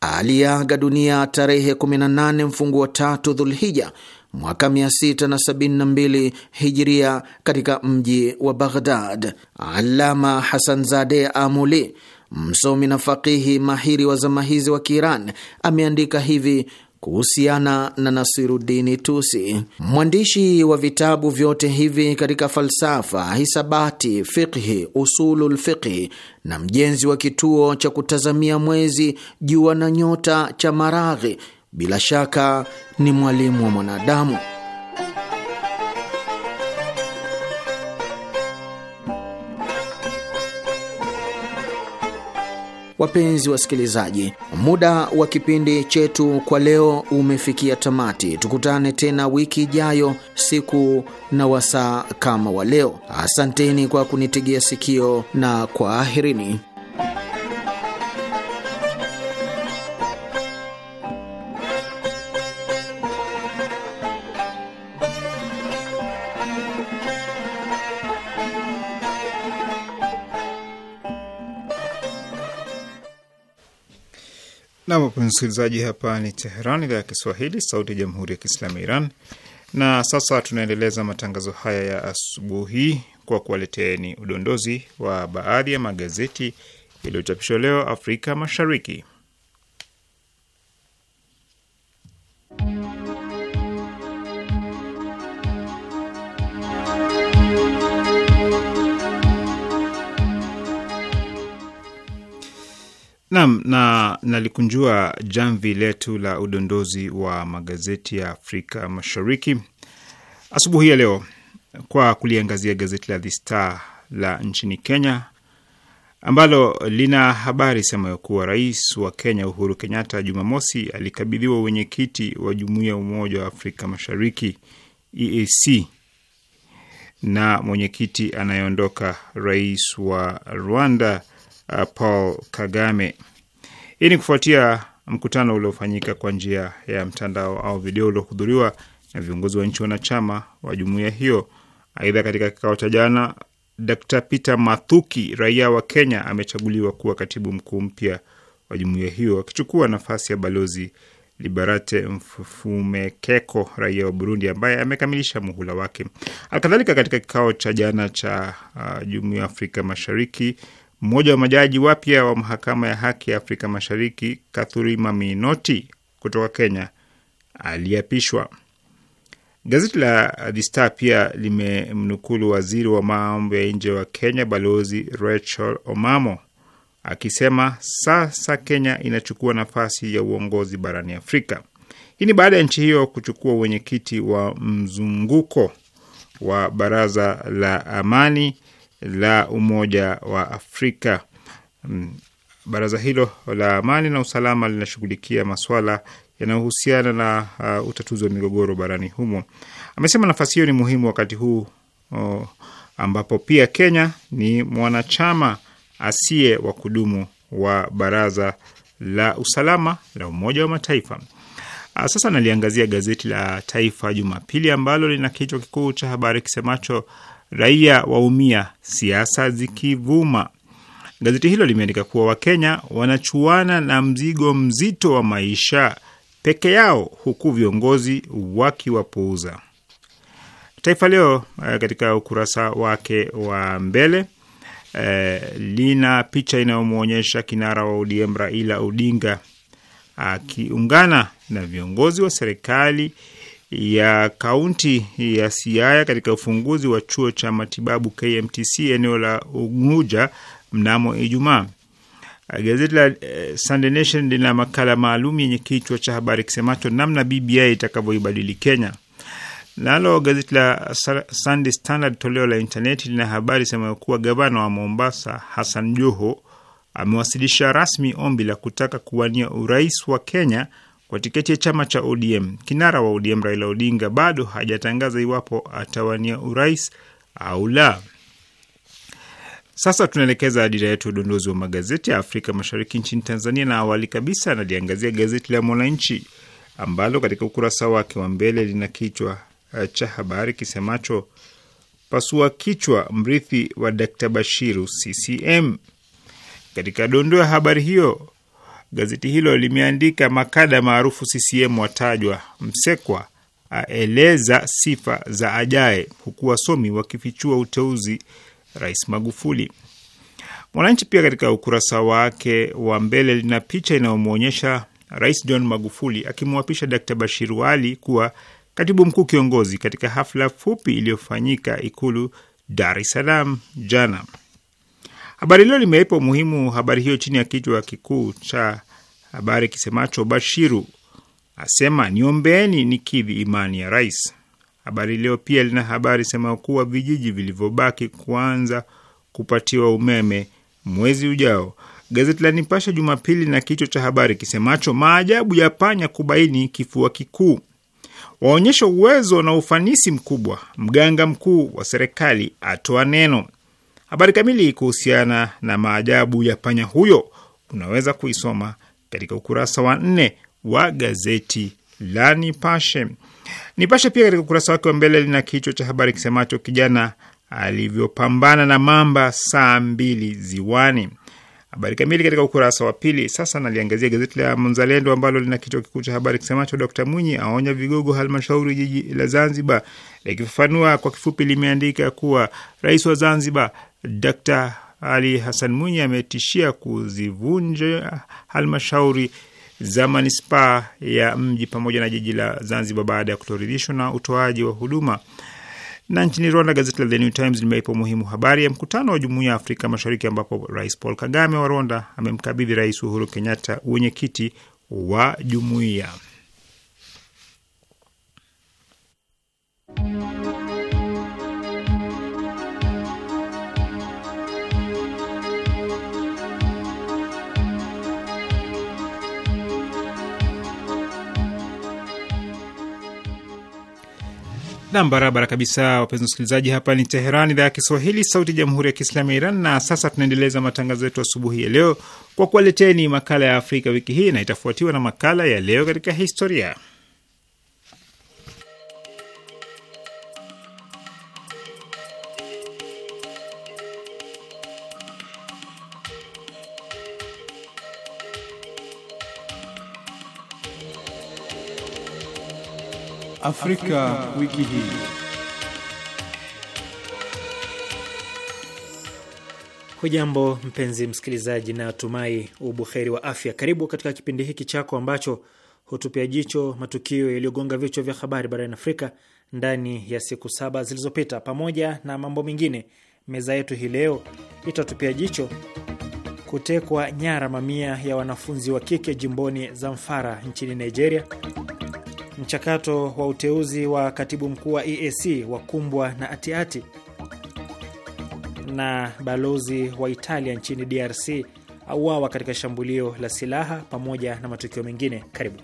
aliaga dunia tarehe 18 mfungu wa tatu Dhulhija mwaka 672 hijiria katika mji wa Baghdad. Alama hasan zade Amuli, msomi na fakihi mahiri wa zama hizi wa Kiiran, ameandika hivi kuhusiana na Nasirudini Tusi, mwandishi wa vitabu vyote hivi katika falsafa, hisabati, fiqhi, usulul fiqhi na mjenzi wa kituo cha kutazamia mwezi, jua na nyota cha Maraghi, bila shaka ni mwalimu wa mwanadamu. Wapenzi wasikilizaji, muda wa kipindi chetu kwa leo umefikia tamati. Tukutane tena wiki ijayo, siku na wasaa kama wa leo. Asanteni kwa kunitegea sikio na kwaherini. Nam, wapenzi msikilizaji, hapa ni Teheran, idhaa ya Kiswahili, sauti ya jamhuri ya kiislamu ya Iran. Na sasa tunaendeleza matangazo haya ya asubuhi kwa kuwaleteeni udondozi wa baadhi ya magazeti yaliyochapishwa leo Afrika Mashariki. Naam, na nalikunjua jamvi letu la udondozi wa magazeti ya Afrika Mashariki asubuhi ya leo kwa kuliangazia gazeti la The Star la nchini Kenya ambalo lina habari semayo kuwa rais wa Kenya Uhuru Kenyatta Jumamosi alikabidhiwa wenyekiti wa jumuiya ya Umoja wa Afrika Mashariki EAC na mwenyekiti anayeondoka rais wa Rwanda uh, Paul Kagame. Hii ni kufuatia mkutano uliofanyika kwa njia ya mtandao au video uliohudhuriwa na viongozi wa nchi wanachama wa jumuiya hiyo. Aidha, katika kikao cha jana, d Peter Mathuki, raia wa Kenya, amechaguliwa kuwa katibu mkuu mpya wa jumuiya hiyo, akichukua nafasi ya balozi Liberate Mfumekeko, raia wa Burundi, ambaye amekamilisha muhula wake. Alkadhalika, katika kikao cha jana cha uh, jumuiya ya Afrika Mashariki, mmoja wa majaji wapya wa mahakama ya haki ya Afrika Mashariki, kathurima minoti kutoka Kenya aliapishwa. Gazeti la The Star pia limemnukulu waziri wa mambo ya nje wa Kenya, Balozi Rachel Omamo akisema sasa Kenya inachukua nafasi ya uongozi barani Afrika. Hii ni baada ya nchi hiyo kuchukua uwenyekiti wa mzunguko wa Baraza la Amani la Umoja wa Afrika. Mm, baraza hilo la amani na usalama linashughulikia maswala yanayohusiana na uh, utatuzi wa migogoro barani humo. Amesema nafasi hiyo ni muhimu wakati huu uh, ambapo pia Kenya ni mwanachama asiye wa kudumu wa Baraza la Usalama la Umoja wa Mataifa. Uh, sasa naliangazia gazeti la Taifa Jumapili ambalo lina kichwa kikuu cha habari kisemacho raia waumia, siasa zikivuma. Gazeti hilo limeandika kuwa Wakenya wanachuana na mzigo mzito wa maisha peke yao huku viongozi wakiwapuuza. Taifa Leo eh, katika ukurasa wake wa mbele eh, lina picha inayomwonyesha kinara wa ODM Raila Odinga akiungana na viongozi wa serikali ya kaunti ya Siaya katika ufunguzi wa chuo cha matibabu KMTC eneo la Unguja mnamo Ijumaa. Gazeti la eh, Sunday Nation lina makala maalum yenye kichwa cha habari kisemacho namna BBI itakavyoibadili Kenya. Nalo gazeti la Sunday Standard toleo la intaneti lina habari semayo kuwa gavana wa Mombasa Hassan Joho amewasilisha rasmi ombi la kutaka kuwania urais wa Kenya kwa tiketi ya chama cha ODM. Kinara wa ODM Raila Odinga bado hajatangaza iwapo atawania urais au la. Sasa tunaelekeza dira yetu ya udondozi wa magazeti ya Afrika Mashariki nchini Tanzania, na awali kabisa naliangazia gazeti la Mwananchi ambalo katika ukurasa wake wa mbele lina kichwa eh, cha habari kisemacho pasua kichwa mrithi wa Dkt Bashiru CCM. Katika dondoo ya habari hiyo Gazeti hilo limeandika makada maarufu CCM watajwa, Msekwa aeleza sifa za ajaye, huku wasomi wakifichua uteuzi Rais Magufuli. Mwananchi pia katika ukurasa wake wa mbele lina picha inayomwonyesha Rais John Magufuli akimwapisha Dkt Bashir Wali kuwa katibu mkuu kiongozi katika hafla fupi iliyofanyika Ikulu Dar es Salaam jana. Habari Leo limeipa umuhimu habari hiyo chini ya kichwa kikuu cha habari kisemacho Bashiru asema niombeeni nikidhi imani ya rais. Habari Leo pia lina habari sema kuwa vijiji vilivyobaki kuanza kupatiwa umeme mwezi ujao. Gazeti la nipasha Jumapili na kichwa cha habari kisemacho maajabu ya panya kubaini kifua kikuu, waonyesha uwezo na ufanisi mkubwa, mganga mkuu wa serikali atoa neno. Habari kamili kuhusiana na maajabu ya panya huyo unaweza kuisoma katika ukurasa wa nne wa gazeti la Nipashe. Nipashe pia katika ukurasa wake wa mbele lina kichwa cha habari kisemacho kijana alivyopambana na mamba saa mbili ziwani. Habari kamili katika ukurasa wa pili. Sasa naliangazia gazeti la Mzalendo ambalo lina kichwa kikuu cha habari kisemacho Dkt Mwinyi aonya vigogo halmashauri jiji la Zanzibar. Likifafanua kwa kifupi, limeandika kuwa rais wa Zanzibar Dkt ali hassan Mwinyi ametishia kuzivunja halmashauri za manispaa ya mji pamoja na jiji la Zanzibar baada ya kutoridhishwa na utoaji wa huduma. Na nchini Rwanda, gazeti la The New Times limeipa umuhimu habari ya mkutano wa Jumuiya ya Afrika Mashariki ambapo Rais Paul Kagame wa Rwanda amemkabidhi Rais Uhuru Kenyatta wenyekiti wa jumuiya. Nam, barabara kabisa, wapenzi msikilizaji, hapa ni Teheran, idhaa ya Kiswahili, sauti ya jamhuri ya kiislamu ya Iran. Na sasa tunaendeleza matangazo yetu asubuhi ya leo kwa kuwaleteni makala ya Afrika wiki hii, na itafuatiwa na makala ya leo katika historia Afrika, wiki hii. Hujambo mpenzi msikilizaji, na tumai ubuheri wa afya. Karibu katika kipindi hiki chako ambacho hutupia jicho matukio yaliyogonga vichwa vya habari barani Afrika ndani ya siku saba zilizopita. Pamoja na mambo mengine, meza yetu hii leo itatupia jicho kutekwa nyara mamia ya wanafunzi wa kike jimboni Zamfara nchini Nigeria mchakato wa uteuzi wa katibu mkuu wa EAC wakumbwa na atiati Na balozi wa Italia nchini DRC auawa katika shambulio la silaha pamoja na matukio mengine. Karibu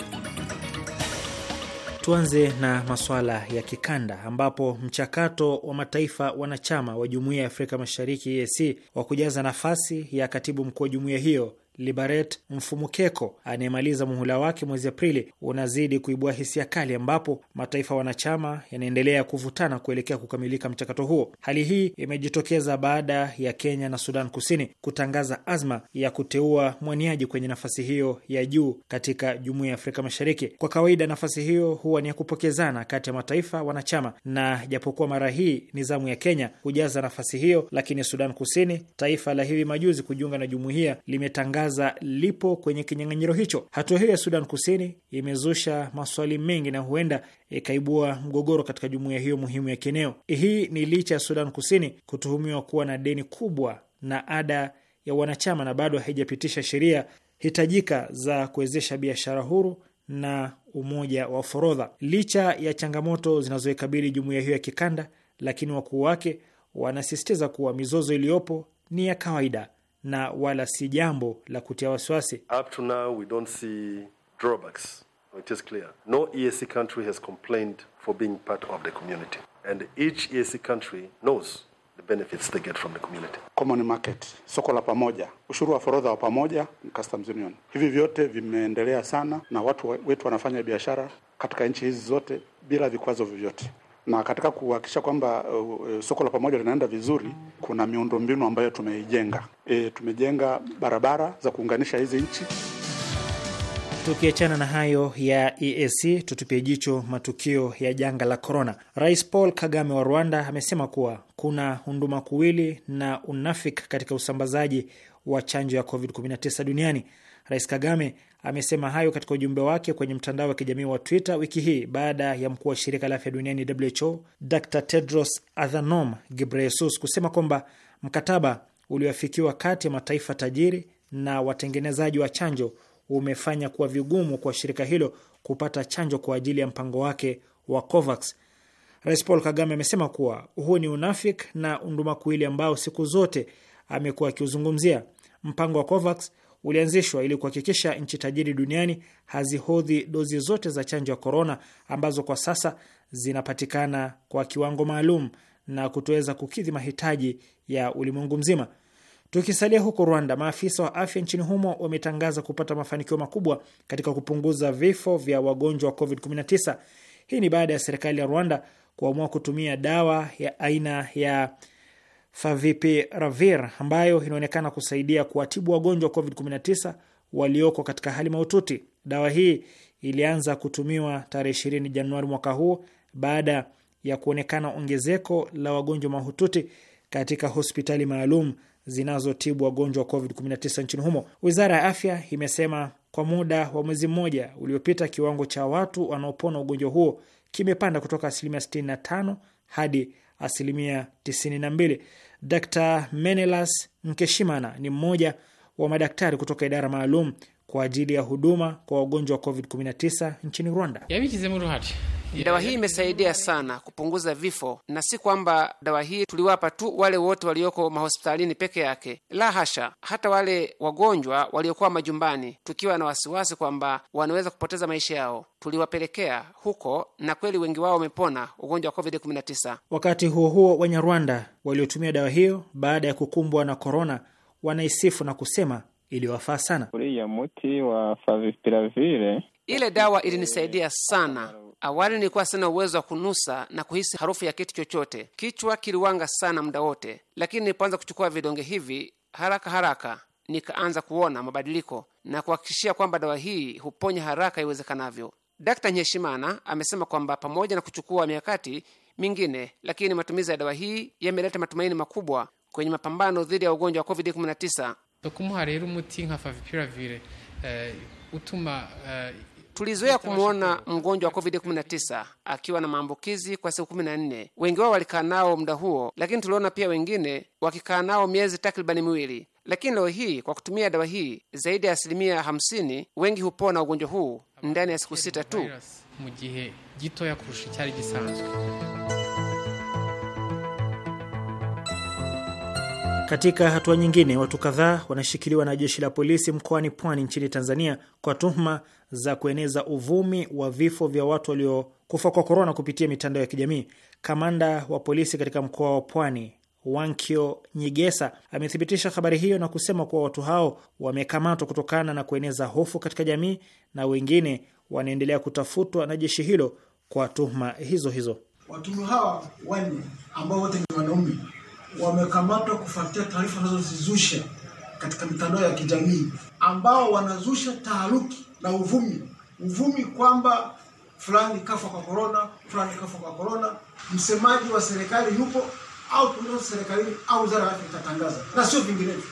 tuanze na masuala ya kikanda ambapo mchakato wa mataifa wanachama wa Jumuiya ya Afrika Mashariki EAC wa kujaza nafasi ya katibu mkuu wa jumuiya hiyo Liberat Mfumukeko anayemaliza muhula wake mwezi Aprili unazidi kuibua hisia kali, ambapo mataifa wanachama yanaendelea kuvutana kuelekea kukamilika mchakato huo. Hali hii imejitokeza baada ya Kenya na Sudan Kusini kutangaza azma ya kuteua mwaniaji kwenye nafasi hiyo ya juu katika Jumuiya ya Afrika Mashariki. Kwa kawaida, nafasi hiyo huwa ni ya kupokezana kati ya mataifa wanachama, na japokuwa mara hii ni zamu ya Kenya kujaza nafasi hiyo, lakini Sudan Kusini, taifa la hivi majuzi kujiunga na jumuiya, limetangaza Gaza lipo kwenye kinyang'anyiro hicho. Hatua hiyo ya Sudan Kusini imezusha maswali mengi na huenda ikaibua mgogoro katika jumuiya hiyo muhimu ya kieneo. Hii ni licha ya Sudan Kusini kutuhumiwa kuwa na deni kubwa na ada ya wanachama na bado haijapitisha sheria hitajika za kuwezesha biashara huru na umoja wa forodha. Licha ya changamoto zinazoikabili jumuiya hiyo ya kikanda, lakini wakuu wake wanasisitiza kuwa mizozo iliyopo ni ya kawaida na wala si jambo la kutia wasiwasi. Up to now we don't see drawbacks. It is clear. No EAC country has complained for being part of the community. And each EAC country knows the benefits they get from the community. Common market, soko la pamoja, ushuru wa forodha wa pamoja, customs union. Hivi vyote vimeendelea sana na watu wetu wanafanya biashara katika nchi hizi zote bila vikwazo vyovyote na katika kuhakikisha kwamba uh, uh, soko la pamoja linaenda vizuri, kuna miundombinu ambayo tumeijenga. E, tumejenga barabara za kuunganisha hizi nchi. Tukiachana na hayo ya EAC, tutupie jicho matukio ya janga la korona. Rais Paul Kagame wa Rwanda amesema kuwa kuna hunduma kuwili na unafiki katika usambazaji wa chanjo ya COVID-19 duniani. Rais Kagame amesema hayo katika ujumbe wake kwenye mtandao wa kijamii wa Twitter wiki hii baada ya mkuu wa shirika la afya duniani WHO Dr Tedros Adhanom Ghebreyesus kusema kwamba mkataba ulioafikiwa kati ya mataifa tajiri na watengenezaji wa chanjo umefanya kuwa vigumu kwa shirika hilo kupata chanjo kwa ajili ya mpango wake wa COVAX. Rais Paul Kagame amesema kuwa huu ni unafiki na undumakuili ambao siku zote amekuwa akiuzungumzia. Mpango wa COVAX ulianzishwa ili kuhakikisha nchi tajiri duniani hazihodhi dozi zote za chanjo ya korona ambazo kwa sasa zinapatikana kwa kiwango maalum na kutoweza kukidhi mahitaji ya ulimwengu mzima. Tukisalia huko Rwanda, maafisa wa afya nchini humo wametangaza kupata mafanikio makubwa katika kupunguza vifo vya wagonjwa wa COVID-19. Hii ni baada ya serikali ya Rwanda kuamua kutumia dawa ya aina ya favipiravir ambayo inaonekana kusaidia kuwatibu wagonjwa wa COVID-19 walioko katika hali mahututi. Dawa hii ilianza kutumiwa tarehe 20 Januari mwaka huu baada ya kuonekana ongezeko la wagonjwa mahututi katika hospitali maalum zinazotibu wagonjwa wa COVID-19 nchini humo. Wizara ya Afya imesema kwa muda wa mwezi mmoja uliopita, kiwango cha watu wanaopona ugonjwa huo kimepanda kutoka asilimia 65 hadi asilimia 92. Dr Menelas Nkeshimana ni mmoja wa madaktari kutoka idara maalum kwa ajili ya huduma kwa wagonjwa wa COVID-19 nchini Rwanda. Dawa hii imesaidia sana kupunguza vifo, na si kwamba dawa hii tuliwapa tu wale wote walioko mahospitalini peke yake, la hasha, hata wale wagonjwa waliokuwa majumbani, tukiwa na wasiwasi kwamba wanaweza kupoteza maisha yao, tuliwapelekea huko, na kweli wengi wao wamepona ugonjwa wa COVID-19. Wakati huo huo, Wanyarwanda waliotumia dawa hiyo baada ya kukumbwa na korona wanaisifu na kusema iliwafaa sana. Uriya muti wa favipiravire ile dawa ilinisaidia sana. Awali nilikuwa sina uwezo wa kunusa na kuhisi harufu ya kitu chochote, kichwa kiliwanga sana muda wote, lakini nilipoanza kuchukua vidonge hivi haraka haraka nikaanza kuona mabadiliko na kuhakikishia kwamba dawa hii huponya haraka iwezekanavyo. d Nyeshimana amesema kwamba pamoja na kuchukua mikakati mingine, lakini matumizi ya dawa hii yameleta matumaini makubwa kwenye mapambano dhidi ya ugonjwa wa COVID-19. Tulizoea kumwona mgonjwa wa COVID-19 akiwa na maambukizi kwa siku 14. Wengi wao walikaa nao muda huo, lakini tuliona pia wengine wakikaa nao miezi takribani miwili. Lakini leo hii kwa kutumia dawa hii, zaidi ya asilimia 50 wengi hupona ugonjwa huu ndani ya siku sita tu. Katika hatua nyingine, watu kadhaa wanashikiliwa na jeshi la polisi mkoani Pwani nchini Tanzania kwa tuhuma za kueneza uvumi wa vifo vya watu waliokufa kwa korona kupitia mitandao ya kijamii. Kamanda wa polisi katika mkoa wa Pwani Wankio Nyigesa amethibitisha habari hiyo na kusema kuwa watu hao wamekamatwa kutokana na kueneza hofu katika jamii na wengine wanaendelea kutafutwa na jeshi hilo kwa tuhuma hizo hizo. Watu hawa wanne ambao wote ni wanaume wamekamatwa kufuatia taarifa wanazozizusha katika mitandao ya kijamii ambao wanazusha taharuki na uvumi, uvumi kwamba fulani kafa kwa korona, fulani kafa kwa korona, msemaji wa serikali yupo au tunao serikalini au wizara ya itatangaza na sio vinginevyo.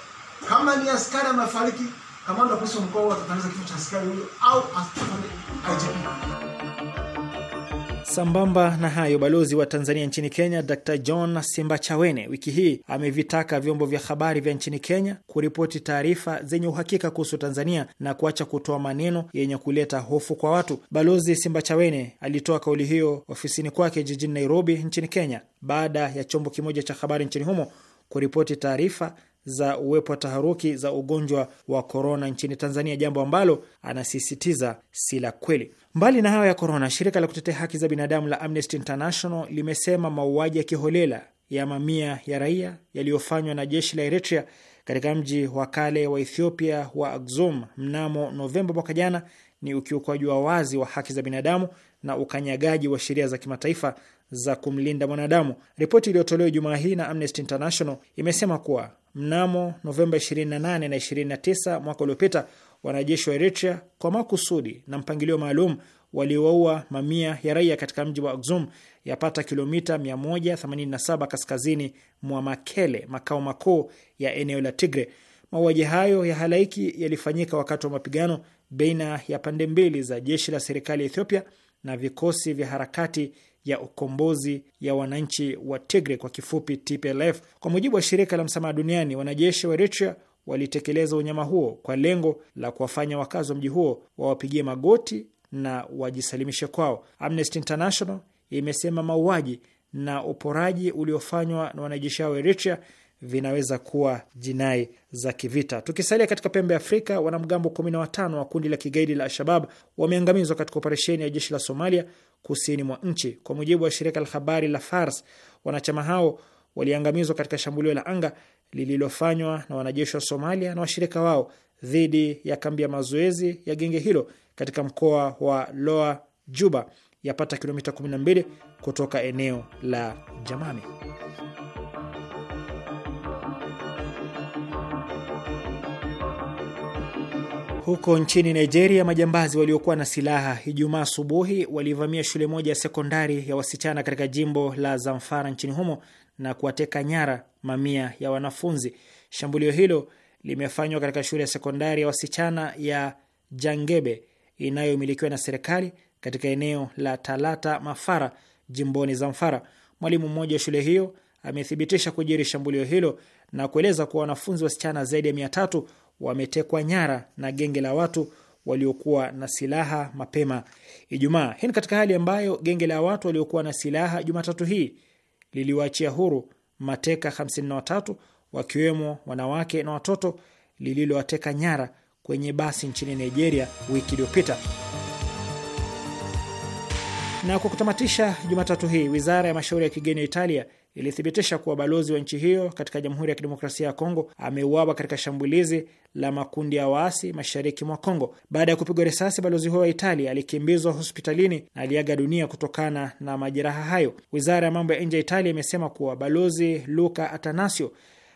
Kama ni askari amefariki, kamanda wa polisi mkoa atatangaza kifo cha askari huyo au IGP. Sambamba na hayo, balozi wa Tanzania nchini Kenya Dr John Simbachawene wiki hii amevitaka vyombo vya habari vya nchini Kenya kuripoti taarifa zenye uhakika kuhusu Tanzania na kuacha kutoa maneno yenye kuleta hofu kwa watu. Balozi Simbachawene alitoa kauli hiyo ofisini kwake jijini Nairobi nchini Kenya baada ya chombo kimoja cha habari nchini humo kuripoti taarifa za uwepo wa taharuki za ugonjwa wa korona nchini Tanzania, jambo ambalo anasisitiza si la kweli. Mbali na hayo ya korona, shirika la kutetea haki za binadamu la Amnesty International limesema mauaji ya kiholela ya mamia ya raia yaliyofanywa na jeshi la Eritrea katika mji wa kale wa Ethiopia wa Axum mnamo Novemba mwaka jana ni ukiukwaji wa wazi wa haki za binadamu na ukanyagaji wa sheria za kimataifa za kumlinda mwanadamu. Ripoti iliyotolewa jumaa hii na Amnesty International imesema kuwa mnamo Novemba 28 na 29 mwaka uliopita wanajeshi wa Eritrea kwa makusudi na mpangilio maalum waliowaua mamia ya raia katika mji wa Axum yapata kilomita 187 kaskazini mwa Makele, makao makuu ya eneo la Tigre. Mauaji hayo ya halaiki yalifanyika wakati wa mapigano baina ya pande mbili za jeshi la serikali ya Ethiopia na vikosi vya harakati ya ukombozi ya wananchi wa Tigre, kwa kifupi TPLF. Kwa mujibu wa shirika la msamaha duniani, wanajeshi wa Eritrea walitekeleza unyama huo kwa lengo la kuwafanya wakazi wa mji huo wawapigie magoti na wajisalimishe kwao. Amnesty International imesema mauaji na uporaji uliofanywa na wanajeshi hao wa Eritrea vinaweza kuwa jinai za kivita. Tukisalia katika pembe ya Afrika, wanamgambo 15 wa kundi la kigaidi la Al-Shabab wameangamizwa katika operesheni ya jeshi la Somalia kusini mwa nchi. Kwa mujibu wa shirika la habari la Fars, wanachama hao waliangamizwa katika shambulio la anga lililofanywa na wanajeshi wa Somalia na washirika wao dhidi ya kambi ya mazoezi ya genge hilo katika mkoa wa Loa Juba, yapata kilomita 12 kutoka eneo la Jamame. Huko nchini Nigeria, majambazi waliokuwa na silaha Ijumaa asubuhi walivamia shule moja ya sekondari ya wasichana katika jimbo la Zamfara nchini humo na kuwateka nyara mamia ya wanafunzi. Shambulio hilo limefanywa katika shule ya sekondari ya wasichana ya Jangebe inayomilikiwa na serikali katika eneo la Talata Mafara jimboni Zamfara. Mwalimu mmoja wa shule hiyo amethibitisha kujiri shambulio hilo na kueleza kuwa wanafunzi wasichana zaidi ya mia tatu wametekwa nyara na genge la watu waliokuwa na silaha mapema Ijumaa. Hii ni katika hali ambayo genge la watu waliokuwa na silaha Jumatatu hii liliwaachia huru mateka 53 wakiwemo wanawake na watoto lililowateka nyara kwenye basi nchini Nigeria wiki iliyopita. Na kwa kutamatisha, Jumatatu hii wizara ya mashauri ya kigeni ya Italia ilithibitisha kuwa balozi wa nchi hiyo katika Jamhuri ya Kidemokrasia ya Kongo ameuawa katika shambulizi la makundi ya waasi mashariki mwa Kongo. Baada ya kupigwa risasi, balozi huyo wa Italia alikimbizwa hospitalini na aliaga dunia kutokana na majeraha hayo. Wizara ya mambo ya nje ya Italia imesema kuwa balozi Luca Atanasio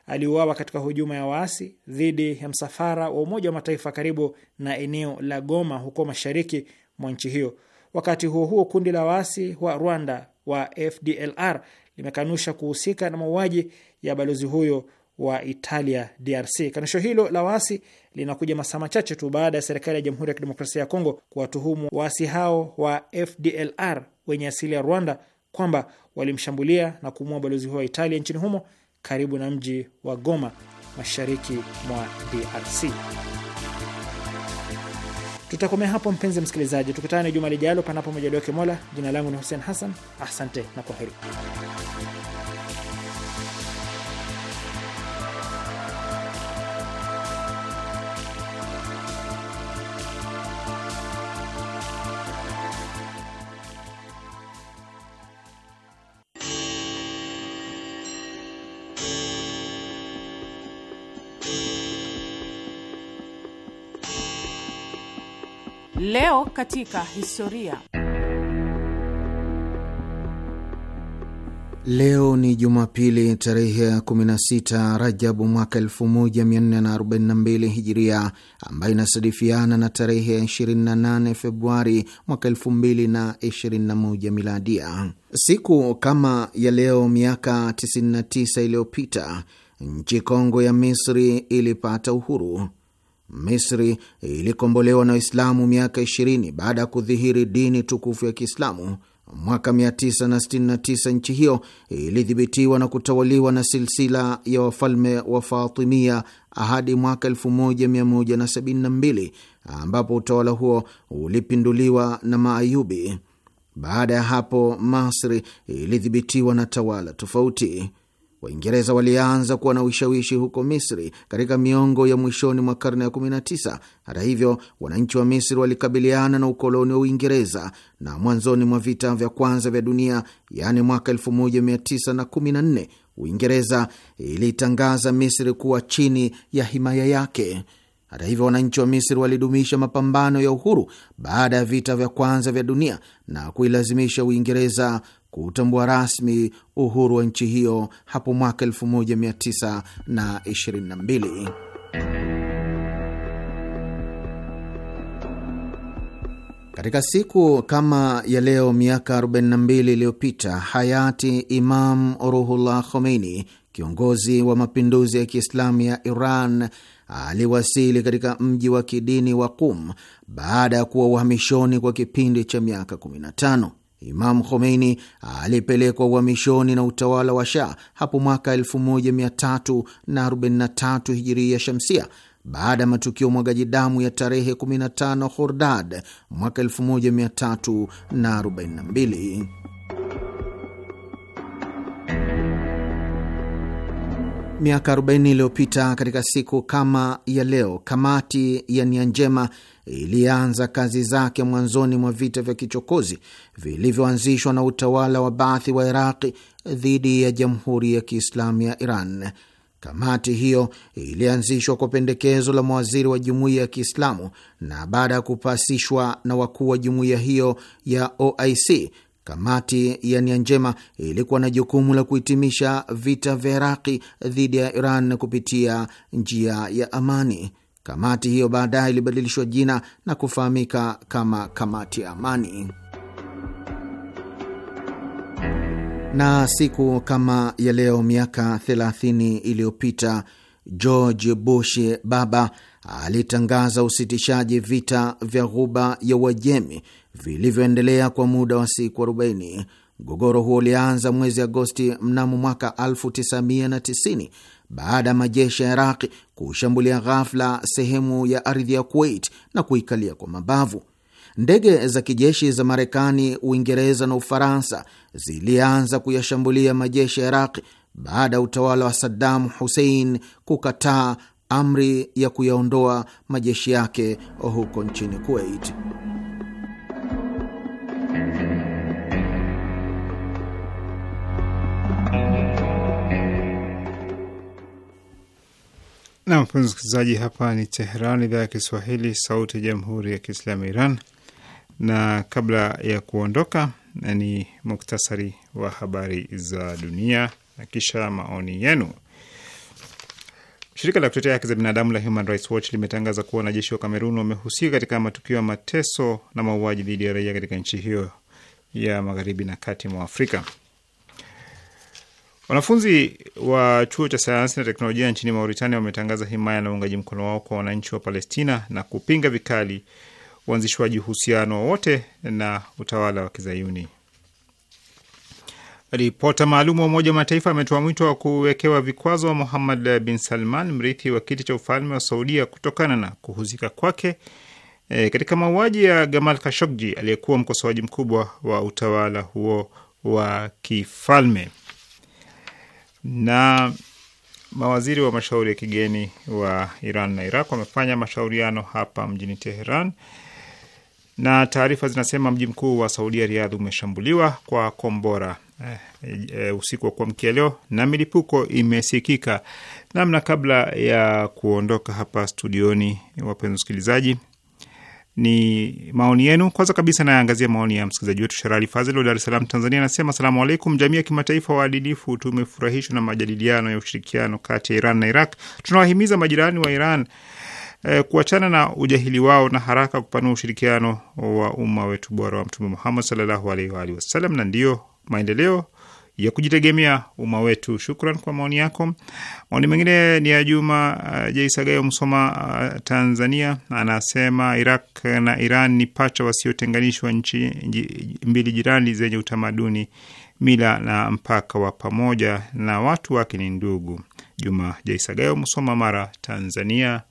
aliuawa katika hujuma ya waasi dhidi ya msafara wa Umoja wa Mataifa karibu na eneo la Goma huko mashariki mwa nchi hiyo. Wakati huo huo, kundi la waasi wa Rwanda wa FDLR limekanusha kuhusika na mauaji ya balozi huyo wa Italia DRC. Kanusho hilo la waasi linakuja masaa machache tu baada ya serikali ya Jamhuri ya Kidemokrasia ya Kongo kuwatuhumu waasi hao wa FDLR wenye asili ya Rwanda kwamba walimshambulia na kumua balozi huyo wa Italia nchini humo karibu na mji wa Goma mashariki mwa DRC. Tutakomea hapo mpenzi msikilizaji, tukutane juma lijalo, panapo majaliwa Mola. Jina langu ni Hussein Hassan, asante na kwaheri. Leo katika historia. Leo ni Jumapili tarehe ya 16 Rajabu mwaka 1442 Hijiria, ambayo inasadifiana na tarehe ya 28 Februari mwaka 2021 Miladia. Siku kama ya leo miaka 99 iliyopita nchi kongwe ya Misri ilipata uhuru. Misri ilikombolewa na Waislamu miaka 20 baada ya kudhihiri dini tukufu ya Kiislamu. Mwaka 969 nchi hiyo ilidhibitiwa na kutawaliwa na silsila ya wafalme wa Fatimia hadi mwaka 1172 ambapo utawala huo ulipinduliwa na Maayubi. Baada ya hapo, Masri ilidhibitiwa na tawala tofauti. Waingereza walianza kuwa na ushawishi huko Misri katika miongo ya mwishoni mwa karne ya 19. Hata hivyo, wananchi wa Misri walikabiliana na ukoloni wa Uingereza na mwanzoni mwa vita vya kwanza vya dunia, yaani mwaka 1914, Uingereza ilitangaza Misri kuwa chini ya himaya yake. Hata hivyo, wananchi wa Misri walidumisha mapambano ya uhuru baada ya vita vya kwanza vya dunia na kuilazimisha Uingereza kutambua rasmi uhuru wa nchi hiyo hapo mwaka 1922. Katika siku kama ya leo miaka 42 iliyopita hayati Imam Ruhullah Khomeini, kiongozi wa mapinduzi ya Kiislamu ya Iran, aliwasili katika mji wa kidini wa Qum baada ya kuwa uhamishoni kwa kipindi cha miaka 15. Imam Khomeini alipelekwa uhamishoni na utawala wa Shah hapo mwaka 1343 hijiria shamsia baada ya matukio mwagaji damu ya tarehe 15 Khordad mwaka 1342. miaka 40 iliyopita katika siku kama ya leo, kamati ya nia njema ilianza kazi zake mwanzoni mwa vita vya kichokozi vilivyoanzishwa na utawala wa Baathi wa Iraqi dhidi ya Jamhuri ya Kiislamu ya Iran. Kamati hiyo ilianzishwa kwa pendekezo la mawaziri wa jumuiya ya Kiislamu na baada ya kupasishwa na wakuu wa jumuiya hiyo ya OIC Kamati ya nia njema ilikuwa na jukumu la kuhitimisha vita vya Iraqi dhidi ya Iran kupitia njia ya amani. Kamati hiyo baadaye ilibadilishwa jina na kufahamika kama kamati ya amani. Na siku kama ya leo miaka 30 iliyopita George Bush baba alitangaza usitishaji vita vya Ghuba ya Uajemi vilivyoendelea kwa muda wa siku 40. Mgogoro huo ulianza mwezi Agosti mnamo mwaka 1990 baada ya majeshi ya Iraqi kushambulia ghafla sehemu ya ardhi ya Kuwait na kuikalia kwa mabavu. Ndege za kijeshi za Marekani, Uingereza na Ufaransa zilianza kuyashambulia majeshi ya Iraqi baada ya utawala wa Saddam Hussein kukataa amri ya kuyaondoa majeshi yake huko nchini Kuwait. Na mpenzi msikilizaji, hapa ni Teheran, idhaa ya Kiswahili, sauti ya jamhuri ya kiislamu ya Iran. Na kabla ya kuondoka, ni muktasari wa habari za dunia na kisha maoni yenu. Shirika la kutetea haki za binadamu la Human Rights Watch limetangaza kuwa wanajeshi wa Kamerun wamehusika katika matukio ya mateso na mauaji dhidi ya raia katika nchi hiyo ya magharibi na kati mwa Afrika. Wanafunzi wa chuo cha sayansi na teknolojia nchini Mauritania wametangaza himaya na uungaji mkono wao kwa wananchi wa Palestina na kupinga vikali uanzishwaji uhusiano wowote na utawala wa Kizayuni. Ripota maalum wa Umoja wa Mataifa ametoa mwito wa kuwekewa vikwazo wa Muhammad bin Salman, mrithi wa kiti cha ufalme wa Saudia, kutokana na kuhusika kwake e, katika mauaji ya Gamal Khashoggi aliyekuwa mkosoaji mkubwa wa utawala huo wa kifalme na mawaziri wa mashauri ya kigeni wa Iran na Iraq wamefanya mashauriano hapa mjini Teheran, na taarifa zinasema mji mkuu wa Saudia, Riadh, umeshambuliwa kwa kombora e, e, usiku wa kuamkia leo na milipuko imesikika namna. Kabla ya kuondoka hapa studioni, wapenzi wasikilizaji ni maoni yenu. Kwanza kabisa nayaangazia maoni ya msikilizaji wetu Sherali Fazil wa Dar es Salaam, Tanzania. Anasema salamu alaikum, jamii ya kimataifa waadilifu, tumefurahishwa na majadiliano ya ushirikiano kati ya Iran na Iraq. Tunawahimiza majirani wa Iran eh, kuachana na ujahili wao na haraka kupanua ushirikiano wa umma wetu bora wa Mtume Muhammad sallallahu alaihi wa alihi wasallam, na ndiyo maendeleo ya kujitegemea umma wetu. Shukran kwa maoni yako. Maoni mengine ni ya Juma uh, Jaisagayo Msoma, uh, Tanzania, anasema Iraq na Iran ni pacha wasiotenganishwa, nchi mbili jirani zenye utamaduni, mila na mpaka wa pamoja, na watu wake ni ndugu. Juma Jaisagayo Msoma, Mara, Tanzania.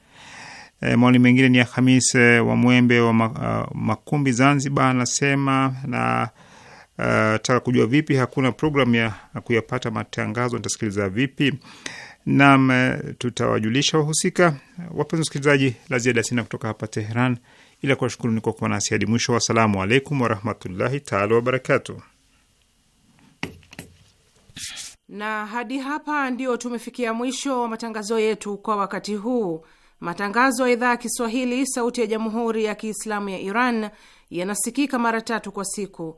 E, maoni mengine ni ya Hamis eh, wa Mwembe wa uh, Makumbi, Zanzibar, anasema na Uh, eh, taka kujua vipi, hakuna programu ya kuyapata matangazo, nitasikiliza vipi? Naam, eh, tutawajulisha wahusika. Wapenzi wasikilizaji, la ziada sina kutoka hapa Tehran ila ni kwa kuwa nasi hadi mwisho. Wassalamu alaikum warahmatullahi taala wabarakatu. Na hadi hapa ndio tumefikia mwisho wa matangazo yetu kwa wakati huu. Matangazo ya idhaa ya Kiswahili sauti ya jamhuri ya Kiislamu ya Iran yanasikika mara tatu kwa siku